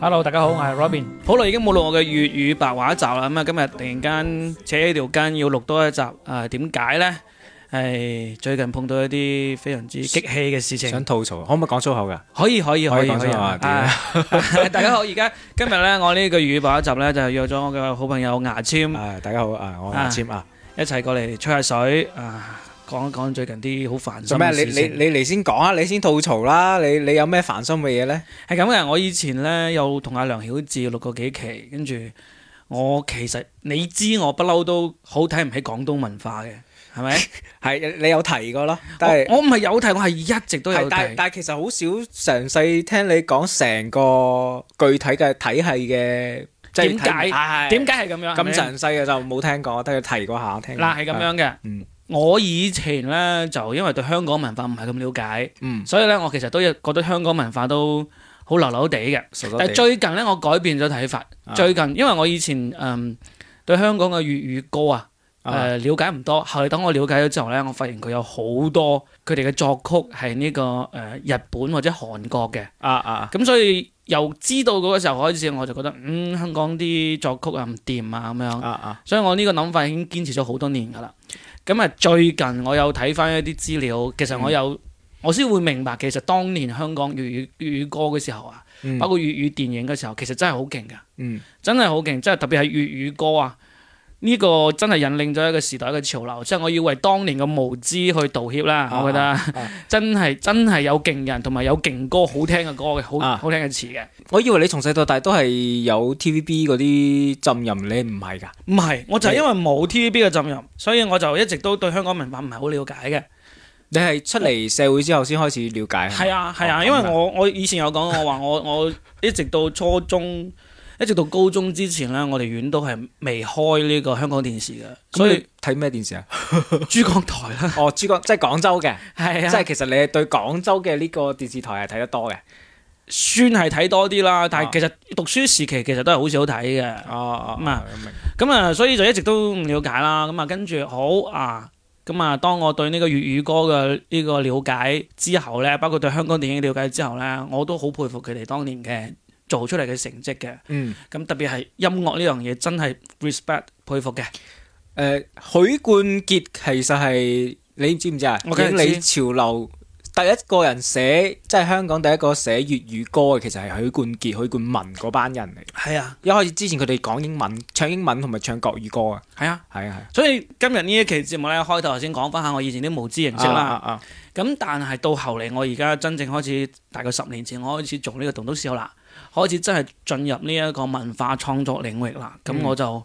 Hello，大家好，我係 Robin，好耐已經冇錄我嘅粵語白話集啦，咁啊今日突然間扯起條筋要錄多一集啊？點解呢？係最近碰到一啲非常之激氣嘅事情，想吐槽，可唔可以講粗口噶？可以，可以，可以，可以講粗口啊！大家好，而家今日呢，我呢個粵語白話集呢就係約咗我嘅好朋友牙籤，啊大家好啊，我牙籤啊，一齊過嚟吹下水啊！講一講最近啲好煩心。做咩？你你你嚟先講啊！你先吐槽啦！你你有咩煩心嘅嘢咧？係咁嘅，我以前咧又同阿梁曉智錄過幾期，跟住我其實你知我不嬲都好睇唔起廣東文化嘅，係咪？係 你有提過咯？但係我唔係有提，我係一直都係。但但其實好少詳細聽你講成個具體嘅體系嘅點解？點解係咁樣？咁詳細嘅就冇聽過，得佢提過下聽過。嗱，係咁樣嘅，嗯。我以前呢，就因為對香港文化唔係咁了解，嗯、所以呢，我其實都有覺得香港文化都好流流地嘅。但最近呢，我改變咗睇法。啊、最近因為我以前誒、嗯、對香港嘅粵語歌啊誒瞭、啊呃、解唔多，後嚟等我了解咗之後呢，我發現佢有好多佢哋嘅作曲係呢、呢個誒、呃、日本或者韓國嘅。啊、啊啊！咁所以由知道嗰個時候開始，我就覺得嗯香港啲作曲啊唔掂啊咁樣。啊啊！所以我呢個諗法已經堅持咗好多年㗎啦。咁啊！最近我有睇翻一啲資料，其實我有、嗯、我先會明白，其實當年香港粵語粵語歌嘅時候啊，嗯、包括粵語電影嘅時候，其實真係好勁㗎，嗯、真係好勁，真係特別係粵語歌啊！呢個真係引領咗一個時代嘅潮流，即係我要為當年嘅無知去道歉啦。我覺得、啊啊、 真係真係有勁人，同埋有勁歌，好聽嘅歌嘅，好、啊、好聽嘅詞嘅。我以為你從細到大都係有 TVB 嗰啲浸淫，你唔係噶？唔係，我就係因為冇 TVB 嘅浸淫，所以我就一直都對香港文化唔係好了解嘅。你係出嚟社會之後先開始了解？係我啊係啊，啊，因為我我以前有講過我話我我一直到初中。一直到高中之前咧，我哋院都係未開呢個香港電視嘅，水果 所以睇咩電視啊？珠江台啦，哦，珠江即係廣州嘅。係啊，即係其實你係對廣州嘅呢個電視台係睇得多嘅。算係睇多啲啦，但係其實讀書時期其實都係好少睇嘅。哦哦，咁啊，咁啊，所以就一直都唔了解啦。咁啊，跟住好啊，咁啊，當我對呢個粵語歌嘅呢個了解之後咧，包括對香港電影了解之後咧，我都好佩服佢哋當年嘅。嗯做出嚟嘅成績嘅，咁特別係音樂呢樣嘢真係 respect 佩服嘅。誒，許冠傑其實係你知唔知啊？我覺得李潮流第一個人寫，即係香港第一個寫粵語歌嘅，其實係許冠傑、許冠文嗰班人嚟。係啊，一開始之前佢哋講英文、唱英文同埋唱國語歌啊。係啊，係啊，係。所以今日呢一期節目咧，開頭先講翻下我以前啲無知人設啦。咁但係到後嚟，我而家真正開始，大概十年前我開始做呢個棟篤笑啦。開始真係進入呢一個文化創作領域啦，咁、嗯、我就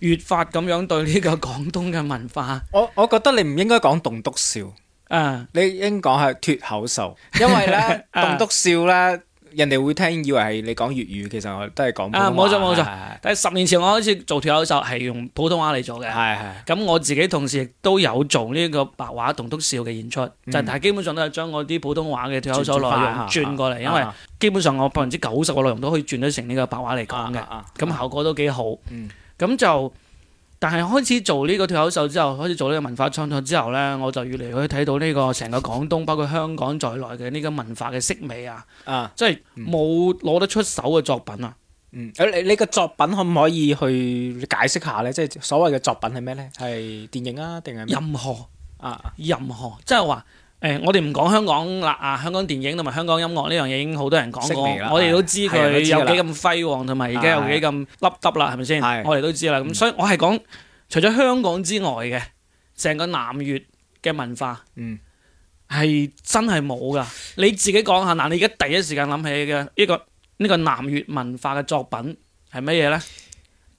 越發咁樣對呢個廣東嘅文化我。我我覺得你唔應該講棟篤笑，啊，你應該講係脱口秀，因為咧棟篤笑咧、啊。人哋會聽以為係你講粵語，其實我都係講普通話。啊，冇錯冇錯。錯係係係。但係十年前我開始做脱口秀係用普通話嚟做嘅。係係。咁我自己同時亦都有做呢個白話棟篤笑嘅演出，就係基本上都係將我啲普通話嘅脱口秀內容轉過嚟，係係係係。因為基本上我百分之九十嘅內容都可以轉得成呢個白話嚟講嘅，咁效果都幾好。咁、嗯、就。但係開始做呢個脱口秀之後，開始做呢個文化創作之後呢，我就越嚟越睇到呢個成個廣東，包括香港在內嘅呢個文化嘅色美啊，啊，即係冇攞得出手嘅作品啊。嗯，誒、嗯，你你個作品可唔可以去解釋下呢？即係所謂嘅作品係咩呢？係電影啊，定係任何啊，任何，即係話。誒、欸，我哋唔講香港啦，啊，香港電影同埋香港音樂呢樣嘢已經好多人講過，我哋都知佢有幾咁輝煌，同埋而家有幾咁凹凹啦，係咪先？的的我哋都知啦，咁、嗯、所以我係講除咗香港之外嘅成個南粵嘅文化，係真係冇㗎。你自己講下，嗱，你而家第一時間諗起嘅呢、呢個呢、呢個南粵文化嘅作品係乜嘢呢？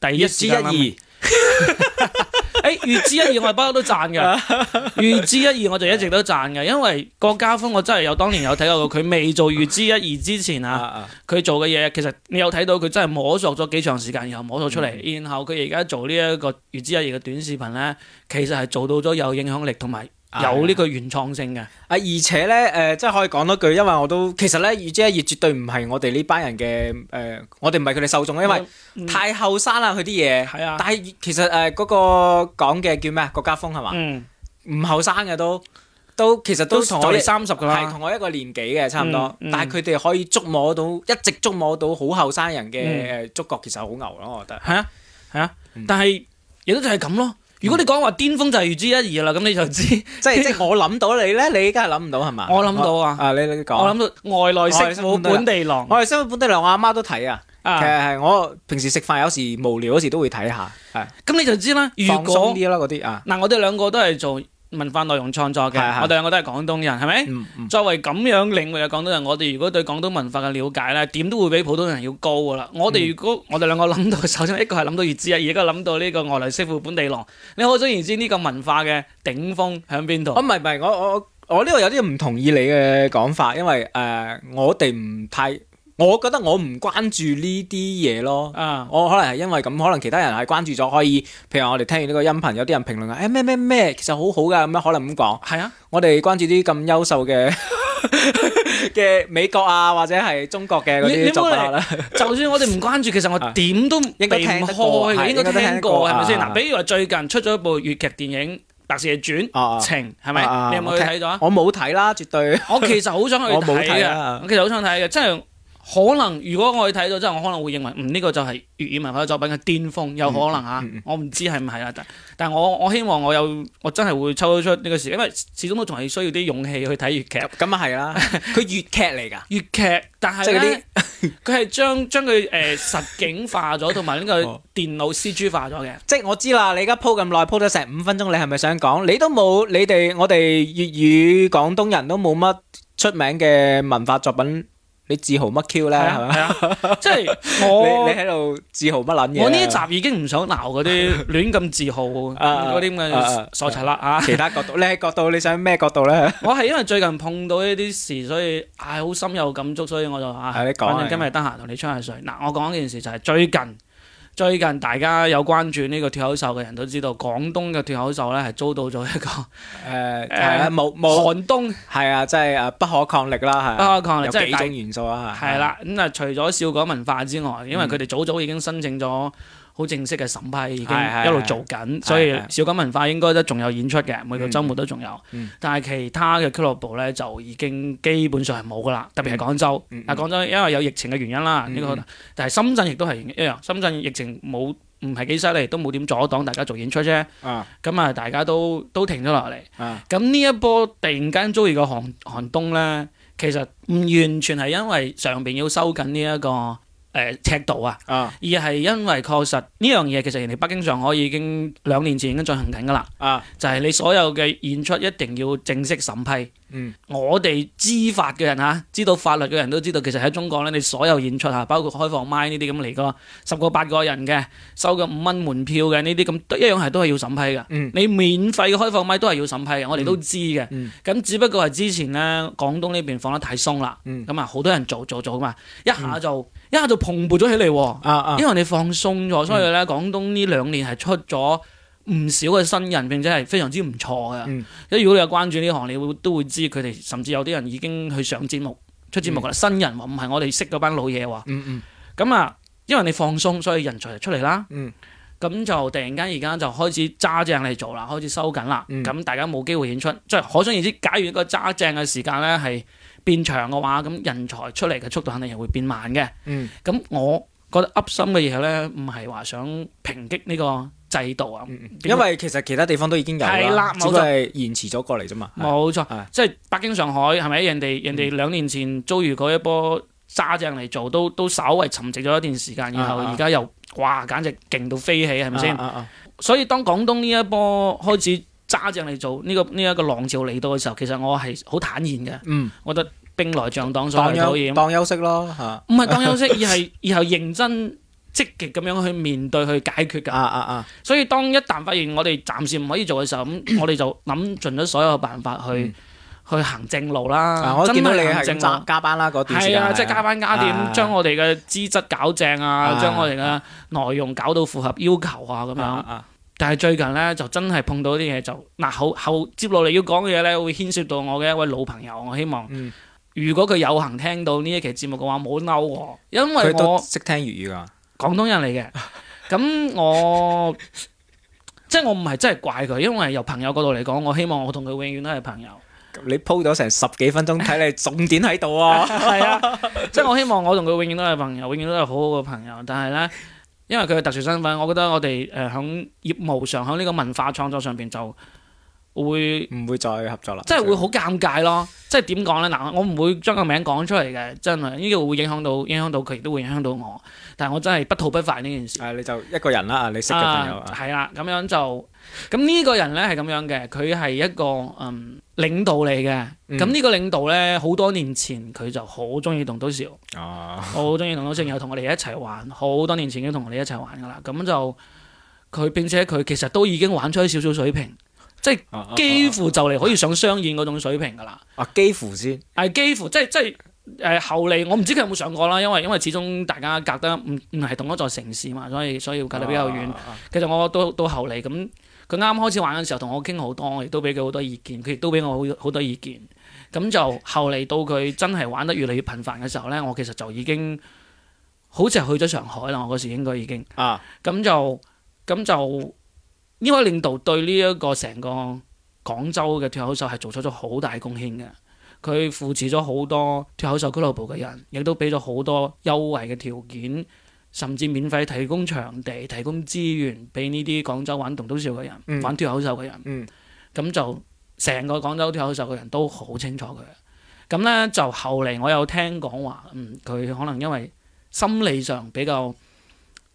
第一之一二。 誒，月、哎、之一二我係不嬲都讚嘅，粵知 一二我就一直都讚嘅，因為郭家峰我真係有當年有睇過佢，未做粵知一二之前啊，佢 做嘅嘢其實你有睇到佢真係摸索咗幾長時間，然後摸索出嚟， 然後佢而家做呢一個粵知一二嘅短視頻呢，其實係做到咗有影響力同埋。有呢個原創性嘅，啊，而且咧，誒，即係可以講多句，因為我都其實咧，越即係越絕對唔係我哋呢班人嘅，誒，我哋唔係佢哋受眾，因為太後生啦佢啲嘢，係啊，但係其實誒，嗰個講嘅叫咩啊？國家風係嘛？嗯，唔後生嘅都都，其實都同我三十噶啦，係同我一個年紀嘅差唔多，但係佢哋可以捉摸到，一直捉摸到好後生人嘅誒觸覺，其實好牛咯，我覺得係啊，係啊，但係亦都就係咁咯。如果你講話巔峰就係如之一二啦，咁你就知 即，即係即係我諗到你咧，你依家係諗唔到係嘛？我諗到啊！啊，你你講，我諗到外來媳婦本地郎，我係收本地郎，我阿媽都睇啊！啊其實係，我平時食飯有時無聊嗰時都會睇下，係、啊。咁是你就知啦，如果嗰啲啊，嗱，我哋兩個都係做，文化內容創作嘅，是是我哋兩個都係廣東人，係咪？嗯嗯、作為咁樣領域嘅廣東人，我哋如果對廣東文化嘅了解呢，點都會比普通人要高㗎喇。我哋如果、嗯、我哋兩個諗到，首先一個係諗到粵字眼，而家諗到呢、呢個外來媳婦本地郎。你可想而知呢個文化嘅頂峰喺邊度？唔係唔係，我我我呢個有啲唔同意你嘅講法，因為誒、呃、我哋唔太。我覺得我唔關注呢啲嘢咯，啊，我可能係因為咁，可能其他人係關注咗，可以，譬如我哋聽完呢個音頻，有啲人評論誒咩咩咩，其實好好噶，咁樣可能咁講。係啊，我哋關注啲咁優秀嘅嘅美國啊或者係中國嘅嗰啲，就算我哋唔關注，其實我點都避唔開，應該聽過係咪先？嗱，比如話最近出咗一部粵劇電影《白蛇傳》，情停，係咪？你有冇去睇咗？我冇睇啦，絕對。我其實好想去睇嘅，我其實好想睇嘅，真係。可能如果我去睇到真，我可能會認為，嗯呢、這個就係粵語文化作品嘅巔峰，有可能吓、嗯嗯啊，我唔知係唔係啦。但但我我希望我有我真係會抽出呢個時間，因為始終都仲係需要啲勇氣去睇粵劇，咁啊係啦，佢 粵劇嚟㗎，粵劇，但係啲，佢係將將佢誒實景化咗，同埋呢個電腦 CG 化咗嘅。 好即係我知啦，你而家鋪咁耐，鋪咗成五分鐘，你係咪想講，你都冇，你哋我哋粵語廣東人都冇乜出名嘅文化作品。你自豪乜 Q 咧？係嘛、啊？啊、 即係我你喺度自豪乜撚嘢？我呢一集已經唔想鬧嗰啲亂咁自豪嗰啲咁嘅傻柒啦！啊，啊啊其他角度，叻角度，你想咩角度咧？ 我係因為最近碰到呢啲事，所以唉，好、哎、深有感觸，所以我就啊，啊，你講，反正今日得閒同你吹下水。嗱、啊啊，我講一件事就係最近。最近大家有關注呢個脫口秀嘅人都知道，廣東嘅脫口秀呢係遭到咗一個誒，係、呃呃、啊冇冇寒冬係啊，即係誒不可抗力啦，係、啊。不可抗力即係幾種元素啊，係、啊。係啦、啊，咁啊，啊除咗笑果文化之外，因為佢哋早早已經申請咗、嗯。好正式嘅審批已經一路做緊，是是是是所以是是是是小金文化應該都仲有演出嘅，每個周末都仲有。嗯嗯，但係其他嘅俱樂部呢就已經基本上係冇㗎啦，特別係廣州。啊、嗯嗯，廣州因為有疫情嘅原因啦，呢、嗯嗯這個可能。但係深圳亦都係一樣，深圳疫情冇唔係幾犀利，都冇點阻擋大家做演出啫。啊，咁啊，大家都都停咗落嚟。啊，咁呢一波突然間遭遇個寒寒冬呢，其實唔完全係因為上邊要收緊呢、這、一個。誒尺度啊，而係因為確實呢樣嘢，其實人哋北京、上海已經兩年前已經進行緊㗎啦。啊，就係你所有嘅演出一定要正式審批。嗯，我哋知法嘅人嚇，知道法律嘅人都知道，其實喺中國呢，你所有演出啊，包括開放麥呢啲咁嚟㗎，十個八個人嘅，收個五蚊門票嘅呢啲咁一樣係都係要審批㗎。你免費嘅開放麥都係要審批嘅，我哋都知嘅。嗯，咁只不過係之前呢，廣東呢邊放得太鬆啦。嗯，咁啊，好多人做做做嘛，一下就～而家就蓬勃咗起嚟，啊啊、因為你放鬆咗，所以咧、嗯、廣東呢兩年係出咗唔少嘅新人，並且係非常之唔錯嘅。嗯，如果你有關注呢行，你會都會知佢哋，甚至有啲人已經去上節目、出節目嘅、嗯、新人，唔係我哋識嗰班老嘢喎。咁、嗯嗯、啊，因為你放鬆，所以人才就出嚟啦。嗯。咁就突然間而家就開始揸正嚟做啦，開始收緊啦。嗯。咁大家冇機會演出，即係可想而知，假如一個揸正嘅時間呢係，變長嘅話，咁人才出嚟嘅速度肯定係會變慢嘅。嗯，咁我覺得噏心嘅嘢咧，唔係話想抨擊呢個制度啊。因為其實其他地方都已經有啦，冇錯，都係延遲咗過嚟啫嘛。冇錯，即係北京、上海係咪？人哋人哋兩年前遭遇過一波揸正嚟做，都都稍微沉寂咗一段時間，然後而家又、嗯、哇，簡直勁到飛起，係咪先？嗯嗯嗯、所以當廣東呢一波開始。揸正嚟做呢個呢一個浪潮嚟到嘅時候，其實我係好坦然嘅。嗯，我覺得兵來將擋，所以可以。當休息咯吓，唔係當休息，而係而係認真積極咁樣去面對去解決噶。啊啊啊！所以當一旦發現我哋暫時唔可以做嘅時候，咁我哋就諗盡咗所有辦法去去行正路啦。我見到你係加加班啦，嗰段時間係啊，即係加班加點，將我哋嘅資質搞正啊，將我哋嘅內容搞到符合要求啊，咁樣。但係最近咧就真係碰到啲嘢就嗱，後後接落嚟要講嘅嘢咧會牽涉到我嘅一位老朋友。我希望、嗯、如果佢有幸聽到呢一期節目嘅話，冇嬲喎，因為我識聽粵語噶、啊，廣東人嚟嘅。咁、嗯、我 即係我唔係真係怪佢，因為由朋友角度嚟講，我希望我同佢永遠都係朋友。你鋪咗成十幾分鐘，睇你重點喺度啊！ 係 啊，即係我希望我同佢永遠都係朋友，永遠都係好好嘅朋友。但係咧。因為佢嘅特殊身份，我覺得我哋誒響業務上，響呢個文化創作上邊就，會唔會再合作啦？即係會好尷尬咯！ 即係點講呢？嗱，我唔會將個名講出嚟嘅，真係呢個會影響到，影響到佢，亦都會影響到我。但係我真係不吐不快呢件事、啊。你就一個人啦，你識嘅朋友啊。係啦、啊，咁樣就咁呢個人呢，係咁樣嘅，佢係一個嗯領導嚟嘅。咁呢、嗯、個領導呢，好多年前佢就好中意同賭少， 我好中意同賭少又同我哋一齊玩，好多年前已經同我哋一齊玩噶啦。咁就佢並且佢其實都已經玩出少少水平。即係幾乎就嚟可以上商演嗰種水平㗎喇。啊，幾乎先。係幾乎，即係即係誒後嚟，我唔知佢有冇上過啦，因為因為始終大家隔得唔唔係同一座城市嘛，所以所以隔得比較遠。啊啊啊、其實我到到後嚟咁，佢啱啱開始玩嘅時候，同我傾好多，我亦都俾佢好多意見，佢亦都俾我好好多意見。咁就後嚟到佢真係玩得越嚟越頻繁嘅時候咧，我其實就已經好似係去咗上海啦。我嗰時應該已經啊，咁就咁就。呢位領導對呢一個成個廣州嘅脱口秀係做出咗好大貢獻嘅，佢扶持咗好多脱口秀俱樂部嘅人，亦都俾咗好多優惠嘅條件，甚至免費提供場地、提供資源俾呢啲廣州玩棟篤笑嘅人、玩脱口秀嘅人。咁、嗯嗯、就成個廣州脱口秀嘅人都好清楚佢。咁咧就後嚟我有聽講話，嗯，佢可能因為心理上比較。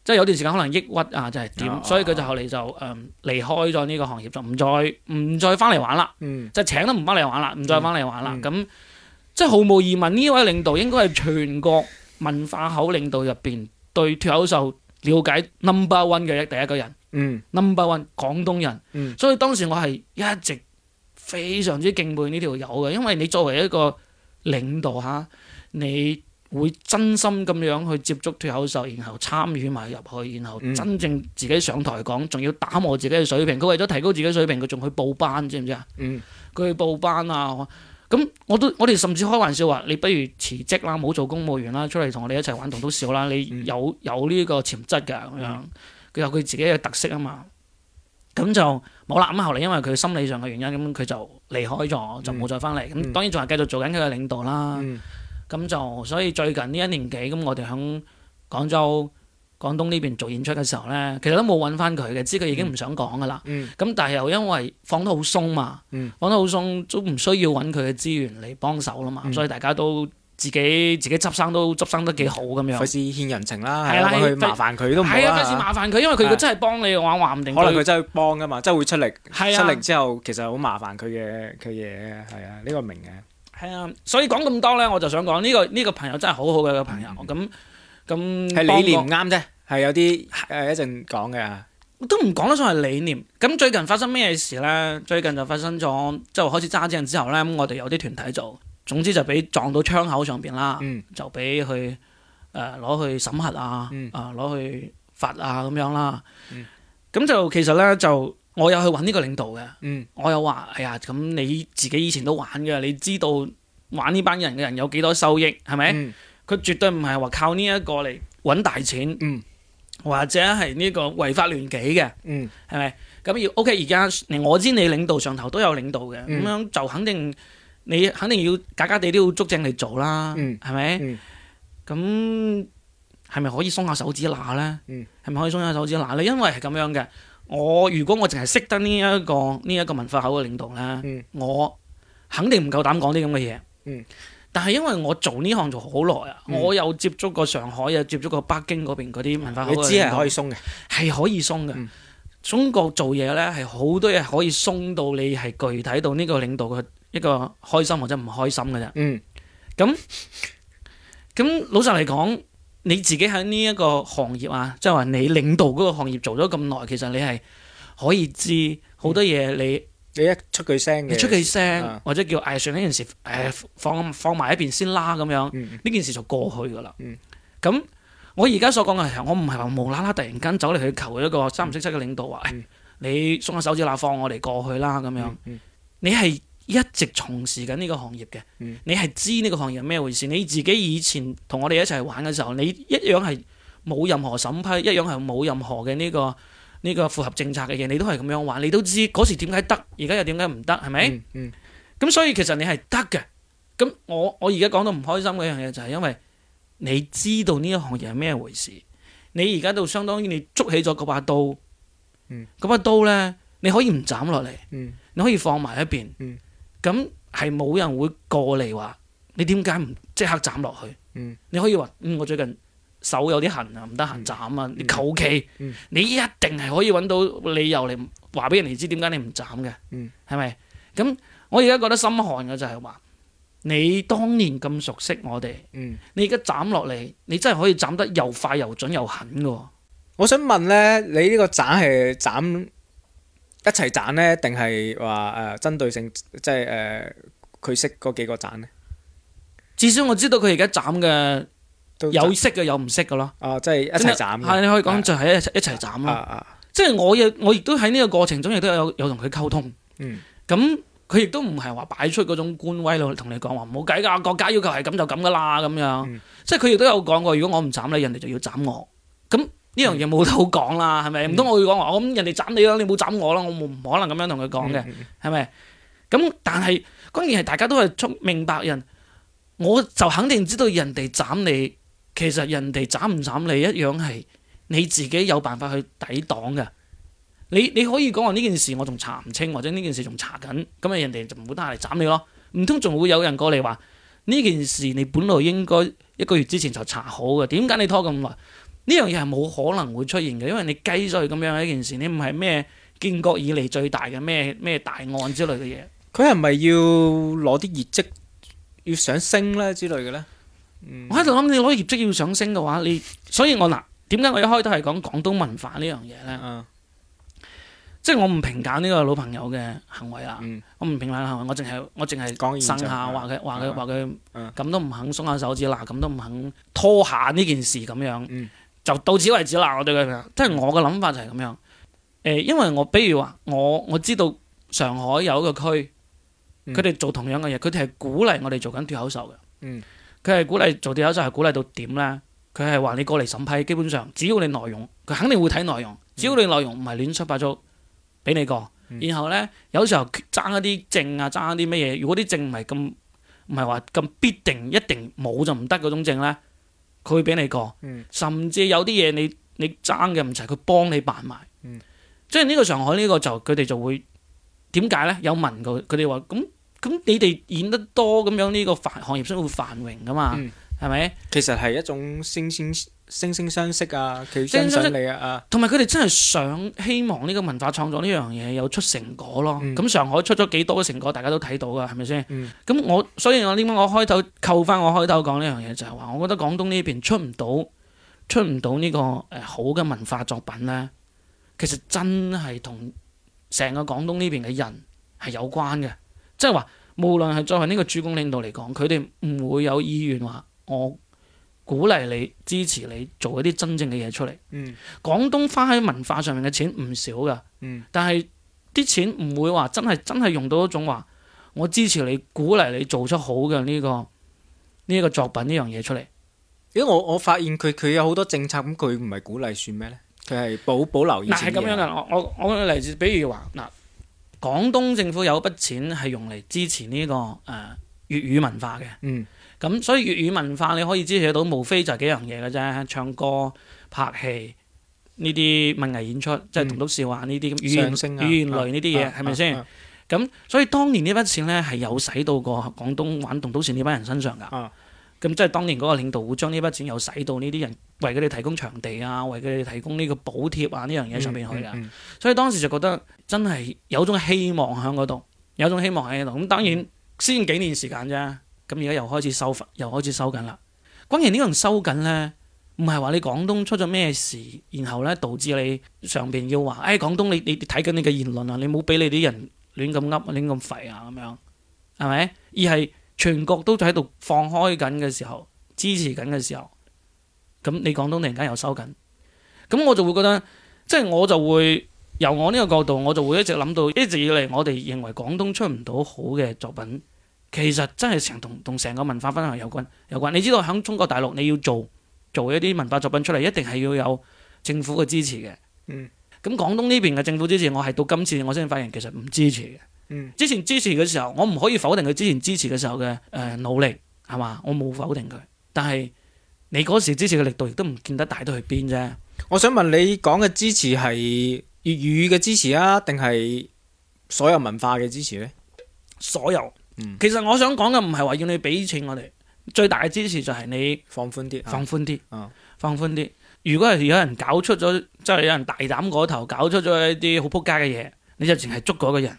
即係有段時間可能抑鬱啊，就係、是、點？Uh, uh, 所以佢就後嚟就誒、呃、離開咗呢個行業，嗯、就唔再唔再翻嚟玩啦、嗯。即係請都唔翻嚟玩啦，唔再翻嚟玩啦。咁即係毫無疑問，呢位領導應該係全國文化口領導入邊對脱口秀了解 number one 嘅第一個人。嗯、number one 廣東人。嗯、所以當時我係一直非常之敬佩呢條友嘅，因為你作為一個領導嚇，你，會真心咁樣去接觸脱口秀，然後參與埋入去，然後真正自己上台講，仲要打磨自己嘅水平。佢為咗提高自己水平，佢仲去報班，知唔知啊？佢、嗯、去報班啊！咁我都我哋甚至開玩笑話：你不如辭職啦，冇做公務員啦，出嚟同我哋一齊玩棟篤笑啦！你有、嗯、有呢個潛質嘅咁、嗯、樣，佢有佢自己嘅特色啊嘛。咁就冇啦。咁後嚟因為佢心理上嘅原因，咁佢就離開咗，就冇再翻嚟。咁、嗯嗯、當然仲係繼續做緊佢嘅領導啦。嗯嗯。咁就所以最近呢一年幾咁，我哋響廣州、廣東呢邊做演出嘅時候咧，其實都冇搵返佢嘅，知佢已經唔想講噶啦。咁但係又因為放得好鬆嘛，放得好鬆都唔需要搵佢嘅資源嚟幫手啦嘛，所以大家都自己自己執生都執生得幾好咁樣。費事欠人情啦，係啦，去麻煩佢都唔係啦。費事麻煩佢，因為佢真係幫你嘅話，話唔定。可能佢真係幫噶嘛，真係會出力。出力之後，其實好麻煩佢嘅佢嘢，係啊，呢個明嘅。係啊，所以講咁多咧，我就想講呢個呢個朋友真係好好嘅一個朋友。咁咁係理念唔啱啫，係有啲誒一陣講嘅，都唔講得上係理念。咁最近發生咩事咧？最近就發生咗，即係開始揸正之後咧，咁我哋有啲團體就總之就俾撞到窗口上邊啦，嗯、就俾去誒攞、呃、去審核、嗯、啊，罰啊攞去罰啊咁樣啦。咁就其實咧就。我有去揾呢個領導嘅，我有話：哎呀，咁你自己以前都玩嘅，你知道玩呢班人嘅人有幾多收益，係咪？佢絕對唔係話靠呢一個嚟揾大錢，或者係呢個違法亂紀嘅，係咪？咁要 OK，而家我知你領導上頭都有領導嘅，咁樣就肯定你肯定要假假地都要捉正嚟做啦，係咪？咁係咪可以鬆下手指乸咧？係咪可以鬆下手指乸咧？因為係咁樣嘅。我如果我淨係識得呢一個呢一個文化口嘅領導呢，嗯、我肯定唔夠膽講啲咁嘅嘢。嗯，但係因為我做呢行做好耐啊，嗯、我有接觸過上海啊，接觸過北京嗰邊嗰啲文化口嘅人，你知係可以鬆嘅，係可以鬆嘅。嗯、中國做嘢呢，係好多嘢可以鬆到你係具體到呢個領導嘅一個開心或者唔開心嘅啫。嗯，咁咁、嗯、老實嚟講。你自己喺呢一個行業啊，即係話你領導嗰個行業做咗咁耐，其實你係可以知好多嘢。你你一出句聲，聲，你出句聲，或者叫誒、like，算呢件事誒放放埋一邊先啦，咁樣呢、嗯、件事就過去㗎喇。咁、嗯、我而家所講嘅係我唔係話無啦啦，突然間走嚟去求一個三唔識七嘅領導話，嗯、你鬆下手指啦，放我哋過去啦，咁樣你係。嗯嗯嗯一直從事緊呢個行業嘅，你係知呢個行業係咩回事？你自己以前同我哋一齊玩嘅時候，你一樣係冇任何審批，一樣係冇任何嘅呢個呢個符合政策嘅嘢，你都係咁樣玩，你都知嗰時點解得，而家又點解唔得，係咪？嗯，咁所以其實你係得嘅。咁我我而家講到唔開心嘅一樣嘢就係因為你知道呢一行業係咩回事，你而家都相當於你捉起咗嗰把刀，嗰把刀呢，你可以唔斬落嚟，你可以放埋一邊，嗯。嗯嗯咁係冇人會過嚟，話你點解唔即刻斬落去？嗯，嗯，你可以話嗯我最近手有啲痕啊，唔得閒斬啊。你求其，嗯，你一定係可以揾到理由嚟話俾人哋知點解你唔斬嘅。嗯，係咪？咁我而家覺得心寒嘅就係話你當年咁熟悉我哋，嗯，你而家斬落嚟，你真係可以斬得又快又準又狠嘅，哦。我想問咧，你呢個斬係斬？一齊斬呢？定係話誒針對性，即係誒佢識嗰幾個斬呢？至少我知道佢而家斬嘅有識嘅有唔識嘅咯。啊，即係一齊斬。係，你可以講就係一齊一齊斬咯。即係我亦我亦都喺呢個過程中亦都有有同佢溝通。嗯。咁佢亦都唔係話擺出嗰種官威咯，同你講話冇計噶，國家要求係咁就咁噶啦，咁樣。嗯。即係佢亦都有講過，如果我唔斬咧，人哋就要斬我。咁呢樣嘢冇得好講啦，係咪？唔通、嗯、我會講話，我咁人哋斬你咯，你冇斬我咯，我冇可能咁樣同佢講嘅，係咪、嗯？咁、嗯、但係關鍵係大家都係聰明白人，我就肯定知道人哋斬你，其實人哋斬唔斬你一樣係你自己有辦法去抵擋嘅。你你可以講話呢件事我仲查唔清，或者呢件事仲查緊，咁啊人哋就唔得閒嚟斬你咯。唔通仲會有人過嚟話呢件事你本來應該一個月之前就查好嘅，點解你拖咁耐？呢樣嘢係冇可能會出現嘅，因為你雞碎咁樣嘅一件事，你唔係咩建國以嚟最大嘅咩咩大案之類嘅嘢。佢係咪要攞啲業績要上升咧之類嘅咧？我喺度諗，你攞業績要上升嘅話，你所以我嗱，點解我一開都係講廣東文化呢樣嘢咧？嗯、即係我唔評價呢個老朋友嘅行為啊！嗯、我唔評價行為，我淨係我淨係講生下話佢話佢話佢咁都唔肯鬆下手指啦，咁都唔肯拖下呢件事咁樣。嗯就到此為止啦！我對佢，即係我嘅諗法就係咁樣。誒，因為我比如話，我我知道上海有一個區，佢哋、嗯、做同樣嘅嘢，佢哋係鼓勵我哋做緊脫口秀嘅。嗯，佢係鼓勵做脫口秀，係鼓勵到點咧？佢係話你過嚟審批，基本上只要你內容，佢肯定會睇內容。只要你內容唔係亂七八糟俾你過，然後咧有時候爭一啲證啊，爭一啲乜嘢？如果啲證唔係咁唔係話咁必定一定冇就唔得嗰種證咧。佢會俾你過，嗯、甚至有啲嘢你你爭嘅唔齊，佢幫你辦埋。嗯、即係呢個上海呢個就佢哋就會點解咧？有問過佢哋話，咁咁你哋演得多咁樣呢個繁行業先會繁榮㗎嘛？嗯係咪、啊？其實係一種惺惺惺惺相惜啊，佢欣賞你啊，啊！同埋佢哋真係想希望呢個文化創作呢樣嘢有出成果咯。咁、嗯、上海出咗幾多嘅成果，大家都睇到噶，係咪先？咁、嗯、我所以我點解我開頭扣翻我開頭講呢樣嘢就係話，我覺得廣東呢邊出唔到出唔到呢個誒好嘅文化作品咧，其實真係同成個廣東呢邊嘅人係有關嘅。即係話，無論係作為呢個主管領導嚟講，佢哋唔會有意願話。我鼓勵你支持你做一啲真正嘅嘢出嚟。嗯，廣東花喺文化上面嘅錢唔少噶。嗯，但係啲錢唔會話真係真係用到一種話，我支持你鼓勵你做出好嘅呢個呢一個作品呢樣嘢出嚟。咦，我我發現佢佢有好多政策，咁佢唔係鼓勵算咩咧？佢係保保留。嗱，係咁樣嘅。我我我嚟自比，比如話嗱，廣東政府有一筆錢係用嚟支持呢個誒呃粵語文化嘅。嗯。咁、嗯、所以粵語文化你可以支持得到，無非就係幾樣嘢嘅啫，唱歌、拍戲呢啲文藝演出，即係棟篤笑啊呢啲語言、啊、語言類呢啲嘢，係咪先？咁、啊啊嗯、所以當年呢筆錢咧係有使到過廣東玩棟篤笑呢班人身上㗎。咁、啊嗯嗯、即係當年嗰個領導會將呢筆錢有使到呢啲人，為佢哋提供場地啊，為佢哋提供呢個補貼啊呢樣嘢上邊去㗎、嗯嗯嗯嗯。所以當時就覺得真係有種希望喺嗰度，有種希望喺度。咁當然先幾年時間啫。咁而家又開始收，又開始收緊啦。關鍵呢個人收緊呢，唔係話你廣東出咗咩事，然後呢導致你上邊要話，誒、哎、廣東你你睇緊你嘅言論麼麼啊，你冇俾你啲人亂咁噏，亂咁吠啊咁樣，係咪？而係全國都喺度放開緊嘅時候，支持緊嘅時候，咁你廣東突然間又收緊，咁我就會覺得，即、就、係、是、我就會由我呢個角度，我就會一直諗到一直以嚟，我哋認為廣東出唔到好嘅作品。其實真係成同同成個文化分享有關有關。你知道喺中國大陸你要做做一啲文化作品出嚟，一定係要有政府嘅支持嘅。嗯，咁廣東呢邊嘅政府支持，我係到今次我先發現其實唔支持嘅。嗯，之前支持嘅時候，我唔可以否定佢之前支持嘅時候嘅誒、呃、努力，係嘛？我冇否定佢，但係你嗰時支持嘅力度亦都唔見得大到去邊啫。我想問你講嘅支持係粵語嘅支持啊，定係所有文化嘅支持呢？所有。嗯、其實我想講嘅唔係話要你俾錢我哋，最大嘅支持就係你放寬啲、啊，放寬啲，啊，放寬啲。如果係有人搞出咗，即係有人大膽嗰頭搞出咗一啲好撲街嘅嘢，你就淨係捉嗰個人，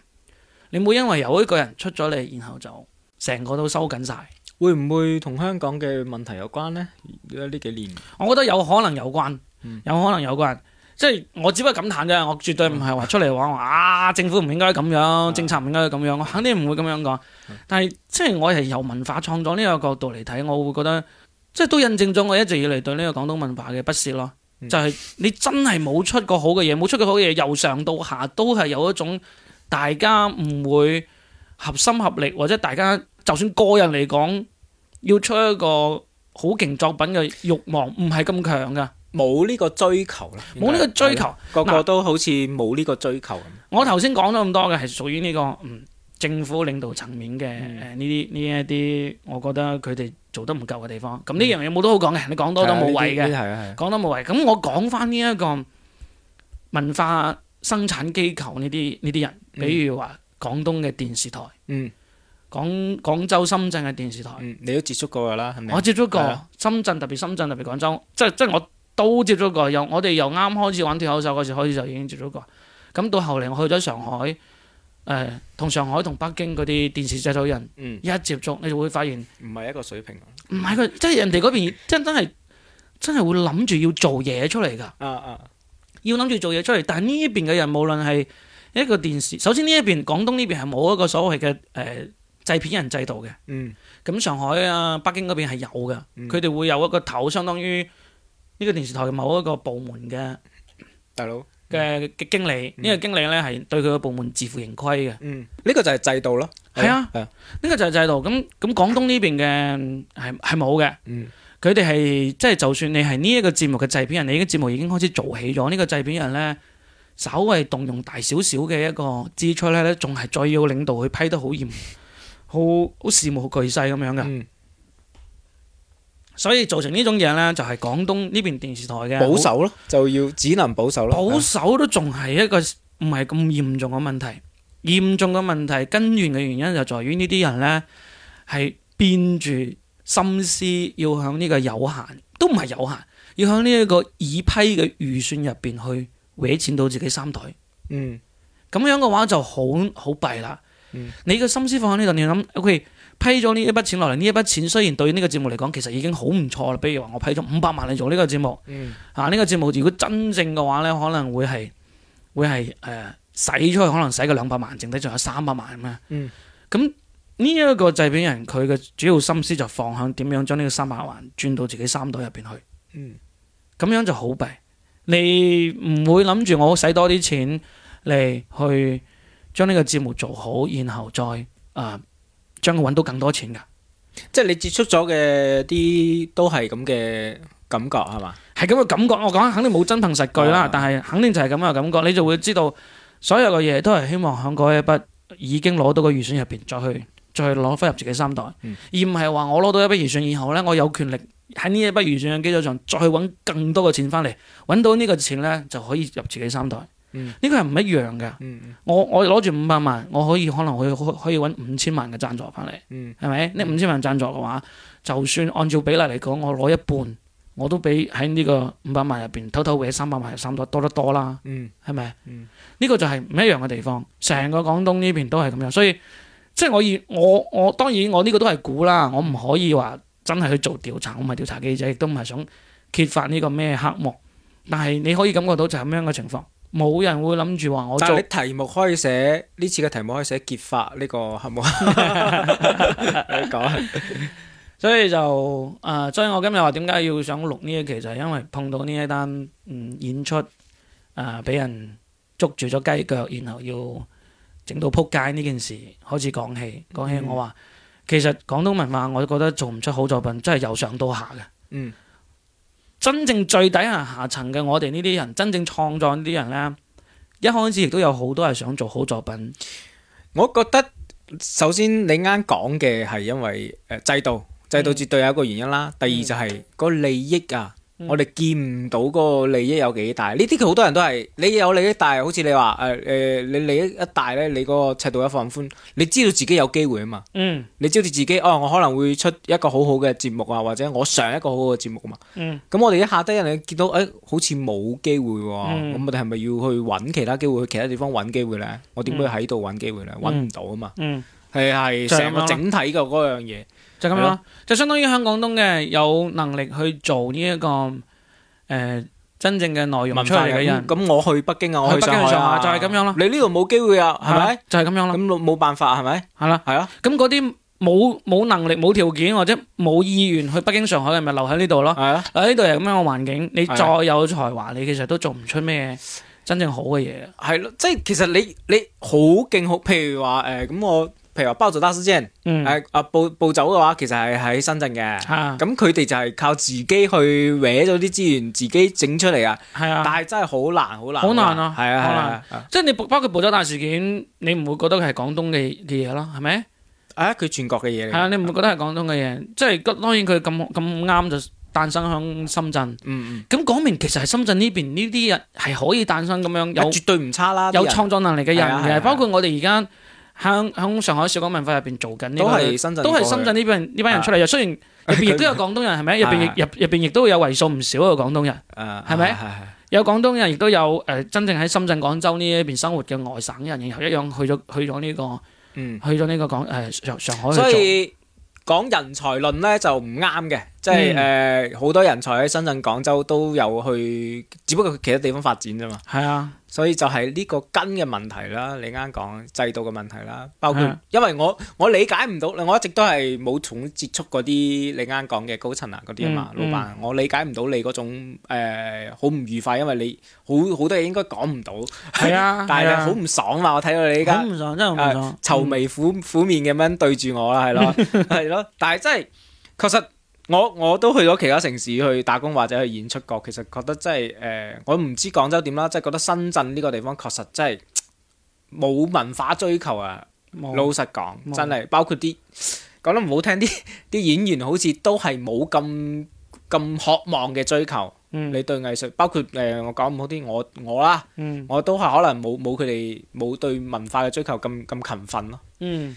你唔會因為有一個人出咗嚟，然後就成個都收緊晒。會唔會同香港嘅問題有關呢？呢幾年，我覺得有可能有關，有可能有關。嗯即係我只不過感嘆啫，我絕對唔係話出嚟話啊政府唔應該咁樣，政策唔應該咁樣，我肯定唔會咁樣講。但係即係我係由文化創作呢個角度嚟睇，我會覺得即係都印證咗我一直以嚟對呢個廣東文化嘅不屑咯。就係、是、你真係冇出過好嘅嘢，冇出過好嘅嘢，由上到下都係有一種大家唔會合心合力，或者大家就算個人嚟講要出一個好勁作品嘅慾望唔係咁強噶。冇呢個追求啦，冇呢個追求，個個都好似冇呢個追求咁。喃我頭先講咗咁多嘅、這個，係屬於呢個嗯政府領導層面嘅呢啲呢一啲，呃、我覺得佢哋做得唔夠嘅地方。咁呢、嗯、樣嘢冇得好講嘅，你講多都冇謂嘅，講多冇謂。咁、啊嗯、我講翻呢一個文化生產機構呢啲呢啲人，比如話廣東嘅電視台，廣廣、嗯、州、深圳嘅電視台，嗯、你都接觸過噶啦，係咪？我接觸過深圳，特別、啊、深圳特別廣州，即係即係我。都接觸過，由我哋由啱開始玩脱口秀嗰時開始就已經接觸過。咁到後嚟我去咗上海，誒、呃，同上海同北京嗰啲電視製作人一接觸，你就會發現唔係、嗯、一個水平、啊，唔係佢，即係人哋嗰邊真真係真係會諗住要做嘢出嚟㗎。啊啊，啊，要諗住做嘢出嚟，但係呢一邊嘅人無論係一個電視，首先呢一邊廣東呢邊係冇一個所謂嘅誒、呃、製片人制度嘅。嗯，咁上海啊、北京嗰邊係有嘅，佢哋會有一個頭，相當於。呢個電視台某一個部門嘅大佬嘅嘅經理，呢、嗯、個經理呢係對佢嘅部門自負盈虧嘅。嗯、呢、個就係制度咯。係啊，呢、啊、個就係制度。咁咁廣東呢邊嘅係係冇嘅。嗯，佢哋係即係就算你係呢一個節目嘅製片人，你嘅節目已經開始做起咗，呢、個製片人呢，稍微動用大少少嘅一個支出呢，仲係再要領導去批得好嚴，好好、嗯、 事無巨細咁樣嘅。嗯所以造成呢種嘢呢，就係、是、廣東呢邊電視台嘅保守咯，就要只能保守咯。保守都仲係一個唔係咁嚴重嘅問題。哎、嚴重嘅問題根源嘅原因就在於呢啲人呢，係變住心思要向呢個有限，都唔係有限，要向呢一個已批嘅預算入邊去搲錢到自己三台。嗯，咁樣嘅話就好好弊啦。嗯、你嘅心思放喺呢度，你諗 O K。Okay，批咗呢一筆錢落嚟，呢一筆錢雖然對於呢個節目嚟講，其實已經好唔錯啦。比如話我批咗五百萬嚟做呢個節目，嗯、啊呢、呢個節目如果真正嘅話呢，可能會係會係誒使出去，可能使個兩百萬，剩低仲有三百萬咁樣。咁呢一個製片人佢嘅主要心思就放向點樣將呢個三百萬轉到自己三袋入邊去。咁、嗯、樣就好弊，你唔會諗住我使多啲錢嚟去將呢個節目做好，然後再啊～、呃將佢揾到更多錢噶，即係你接觸咗嘅啲都係咁嘅感覺係嘛？係咁嘅感覺，我講肯定冇真憑實據啦，哦、但係肯定就係咁嘅感覺，你就會知道所有嘅嘢都係希望響嗰一筆已經攞到嘅預算入邊再去再攞翻入自己三代，嗯、而唔係話我攞到一筆預算以後呢，我有權力喺呢一筆預算嘅基礎上再去揾更多嘅錢翻嚟，揾到呢個錢呢，就可以入自己三代。呢、嗯、個係唔一樣嘅、嗯嗯。我我攞住五百萬，我可以可能可以可以搵五千萬嘅贊助翻嚟，係咪、嗯？呢五千萬贊助嘅話，就算按照比例嚟講，我攞一半，我都比喺呢個五百萬入邊偷偷搲三百萬嘅贊助多得多啦。係咪？呢、嗯嗯、個就係唔一樣嘅地方。成個廣東呢邊都係咁樣，所以即係我以我我當然我呢個都係估啦，我唔可以話真係去做調查，我唔係調查記者，亦都唔係想揭發呢個咩黑幕。但係你可以感覺到就係咁樣嘅情況。冇人會諗住話我做，但係你題目可以寫呢次嘅題目可以寫結發呢、這個，合唔合？你講。所以就誒，所以我今日話點解要想錄呢？其實係因為碰到呢一單嗯演出誒，俾、呃、人捉住咗雞腳，然後要整到撲街呢件事，開始講起。講起、嗯、我話，其實廣東文化，我覺得做唔出好作品，真係由上到下嘅。嗯。真正最底下下層嘅我哋呢啲人，真正創造呢啲人咧，一開始亦都有好多係想做好作品。我覺得首先你啱講嘅係因為誒、制度，制度絕對有一個原因啦。嗯、第二就係嗰個利益啊。嗯、我哋見唔到嗰個利益有幾大？呢啲好多人都係你有利益大，好似你話誒誒，你利益一大咧，你嗰個尺度一放寬，你知道自己有機會啊嘛。嗯。你知道自己哦，我可能會出一個好好嘅節目啊，或者我上一個好好嘅節目啊嘛。嗯。咁我哋一下低人哋見到誒、哎，好似冇機會喎、啊。嗯。咁我哋係咪要去揾其他機會，去其他地方揾機會咧？嗯、我點會喺度揾機會咧？揾唔、嗯、到啊嘛嗯。嗯。係係成個整體嘅嗰樣嘢。就咁樣咯，的就相當於喺廣東嘅有能力去做呢、這、一個誒、呃、真正嘅內容出嚟嘅人。咁我去北京啊，我去北京、上海、啊，上海就係咁樣咯。你呢度冇機會啊，係咪吧？吧就係咁樣咯。咁冇冇辦法係咪？係啦，係啊的。咁嗰啲冇冇能力、冇條件或者冇意願去北京、上海嘅，咪留喺呢度咯。係啊的。啊，呢度係咁樣嘅環境，你再有才華，你其實都做唔出咩真正好嘅嘢。係咯，即、就、係、是、其實你你，你好勁，好譬如話誒，咁、呃、我。譬如話暴走大事先，誒啊暴暴走嘅話，其實係喺深圳嘅。咁佢哋就係靠自己去搲咗啲資源，自己整出嚟啊。係啊，但係真係好難，好難，好難啊！係啊，係啊，即係你包括暴走大事件，你唔會覺得佢係廣東嘅嘅嘢咯，係咪？啊，佢全國嘅嘢嚟。係啊，你唔會覺得係廣東嘅嘢，即係當然佢咁咁啱就誕生喺深圳。咁講明其實係深圳呢邊呢啲人係可以誕生咁樣，有絕對唔差啦，有創造能力嘅人嘅，包括我哋而家。喺喺上海小港文化入邊做緊呢個，都係深圳，都係深圳呢邊呢班人出嚟。又雖然入邊亦都有廣東人，係咪？入邊入入邊亦都有為數唔少嘅廣東人，係咪？有廣東人，亦都有誒真正喺深圳、廣州呢一邊生活嘅外省人，然後一樣去咗去咗呢個，嗯，去咗呢個廣誒上海去做。所以講人才論咧，就唔啱嘅。即係誒，好，呃，多人才喺深圳、廣州都有去，只不過其他地方發展啫嘛。係啊，所以就係呢個根嘅問題啦。你啱講制度嘅問題啦，包括因為我我理解唔到，我一直都係冇總接觸嗰啲你啱講嘅高層啊嗰啲啊嘛，啊老闆，我理解唔到你嗰種好唔，呃，愉快，因為你好好多嘢應該講唔到，係 啊，但係好唔爽嘛，我睇到你依家好唔爽真係唔爽，愁眉，呃，苦苦面咁樣對住我啦，係，嗯，咯，係咯，但係真係確實。 我我都去咗其他城市去打工或者去演出過，其實覺得真係，誒、呃，我唔知廣州點啦，即係覺得深圳呢個地方確實真係冇文化追求啊。冇老實講，冇真係包括啲講得唔好聽啲，啲演員好似都係冇咁咁渴望嘅追求。嗯、你對藝術，包括誒、呃，我講唔好啲，我我啦，嗯、我都係可能冇冇佢哋冇對文化嘅追求咁咁勤奮咯、啊。嗯。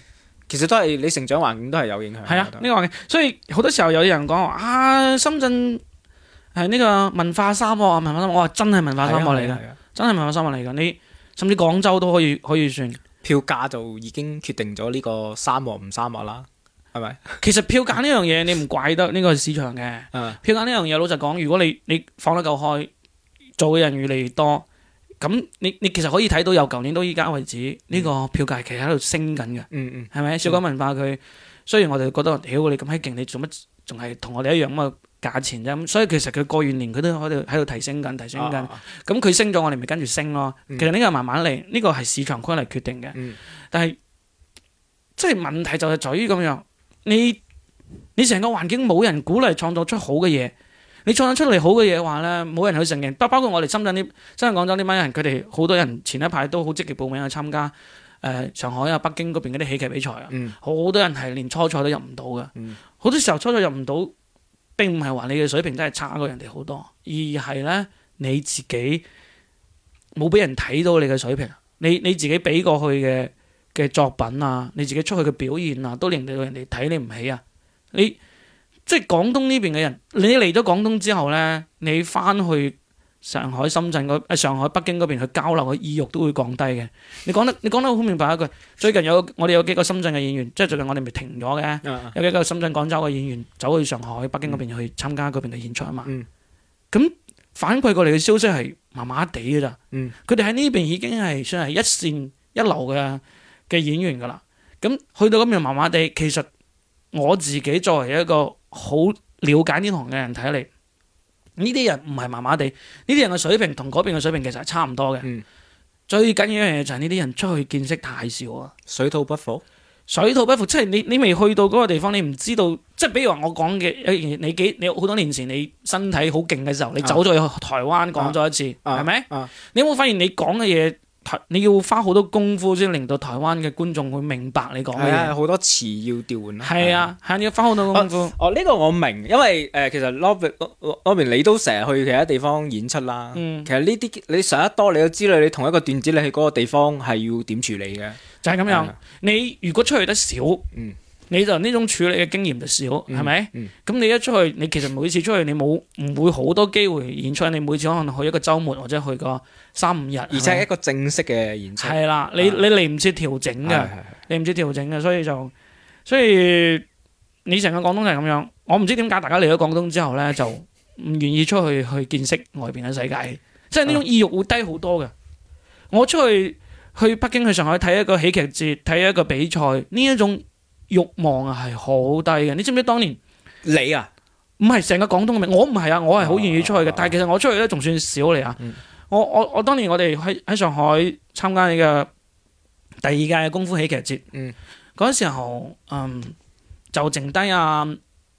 其實都係你成長環境都係有影響。係啊，呢個環境，所以好多時候有啲人講啊，深圳係呢個文化沙漠文化沙漠，我話真係文化沙漠嚟噶，啊啊啊、真係文化沙漠嚟噶。你甚至廣州都可以可以算。票價就已經決定咗呢個沙漠唔沙漠啦，係咪？其實票價呢樣嘢你唔怪得呢個市場嘅。啊、票價呢樣嘢老實講，如果你你放得夠開，做嘅人越嚟越多。咁你你其實可以睇到由舊年到依家為止呢、嗯、個票價其實喺度升緊嘅，係咪、嗯嗯？小港文化佢雖然我哋覺得，屌、嗯、你咁閪勁，你做乜仲係同我哋一樣咁嘅價錢啫？咁所以其實佢過完年佢都喺度喺度提升緊，提升緊。咁佢、啊啊、升咗，我哋咪跟住升咯。嗯、其實呢個慢慢嚟，呢、這個係市場區嚟決定嘅。嗯、但係即係問題就係在於咁樣，你你成個環境冇人鼓勵創造出好嘅嘢，你創出嚟好嘅嘢話呢，冇人去承認。包包括我哋深圳啲、深圳廣州啲班人，佢哋好多人前一排都好積極報名去參加誒上、呃、海啊、北京嗰邊嗰啲喜劇比賽啊。好、嗯、多人係連初賽都入唔到嘅。好、嗯、多時候初賽入唔到，並唔係話你嘅水平真係差過人哋好多，而係呢，你自己冇俾人睇到你嘅水平。你你自己俾過去嘅嘅作品啊，你自己出去嘅表現啊，都令到人哋睇你唔起啊。你即係廣東呢邊嘅人，你嚟咗廣東之後呢，你翻去上海、深圳上海、北京嗰邊去交流嘅意欲都會降低嘅。你講得你講得好明白一句，最近有我哋有幾個深圳嘅演員，即係最近我哋咪停咗嘅，有幾個深圳、廣州嘅演員走去上海、北京嗰邊去參加嗰邊嘅演出啊嘛。咁、嗯、反饋過嚟嘅消息係麻麻地㗎咋。佢哋喺呢邊已經係算係一線一流嘅嘅演員㗎啦。咁去到嗰邊麻麻地，其實我自己作為一個。好了解呢行嘅人睇嚟，呢啲人唔係麻麻地，呢啲人嘅水平同嗰邊嘅水平其實係差唔多嘅。嗯、最緊要嘅就係呢啲人出去見識太少啊！水土不服，水土不服，嗯、即係你你未去到嗰個地方，你唔知道。即係比如話我講嘅一樣嘢，你幾你好多年前你身體好勁嘅時候，你走咗去台灣講咗一次，係咪？你有冇發現你講嘅嘢？你要花好多功夫先令到台灣嘅觀眾會明白你講嘅，好多詞要調換係啊，係你要花好多功夫。哦，呢、哦這個我明，因為誒、呃，其實洛賓，洛賓你都成日去其他地方演出啦。嗯、其實呢啲你上得多你，你都知道你同一個段子你去嗰個地方係要點處理嘅。就係咁樣，啊、你如果出去得少，嗯。你就呢種處理嘅經驗就少，係咪？咁、嗯嗯、你一出去，你其實每次出去你冇唔會好多機會演出，你每次可能去一個週末或者去個三五日，而且係一個正式嘅演出。係啦吧吧，你你嚟唔切調整嘅，啊、你唔切調整嘅，啊，所以就所以你成個廣東就係咁樣，我唔知點解大家嚟咗廣東之後呢，就唔願意出去去見識外邊嘅世界，即係呢種意欲會低好多嘅。我出去去北京去上海睇一個喜劇節，睇一個比賽，呢一種。欲望啊，係好低嘅。你知唔知當年你啊，唔係成個廣東嘅名，我唔係啊，我係好願意出去嘅。但係其實我出去都仲算少嚟啊。我我我當年我哋喺喺上海參加你嘅第二屆嘅功夫喜劇節。嗯，嗰時候嗯就剩低啊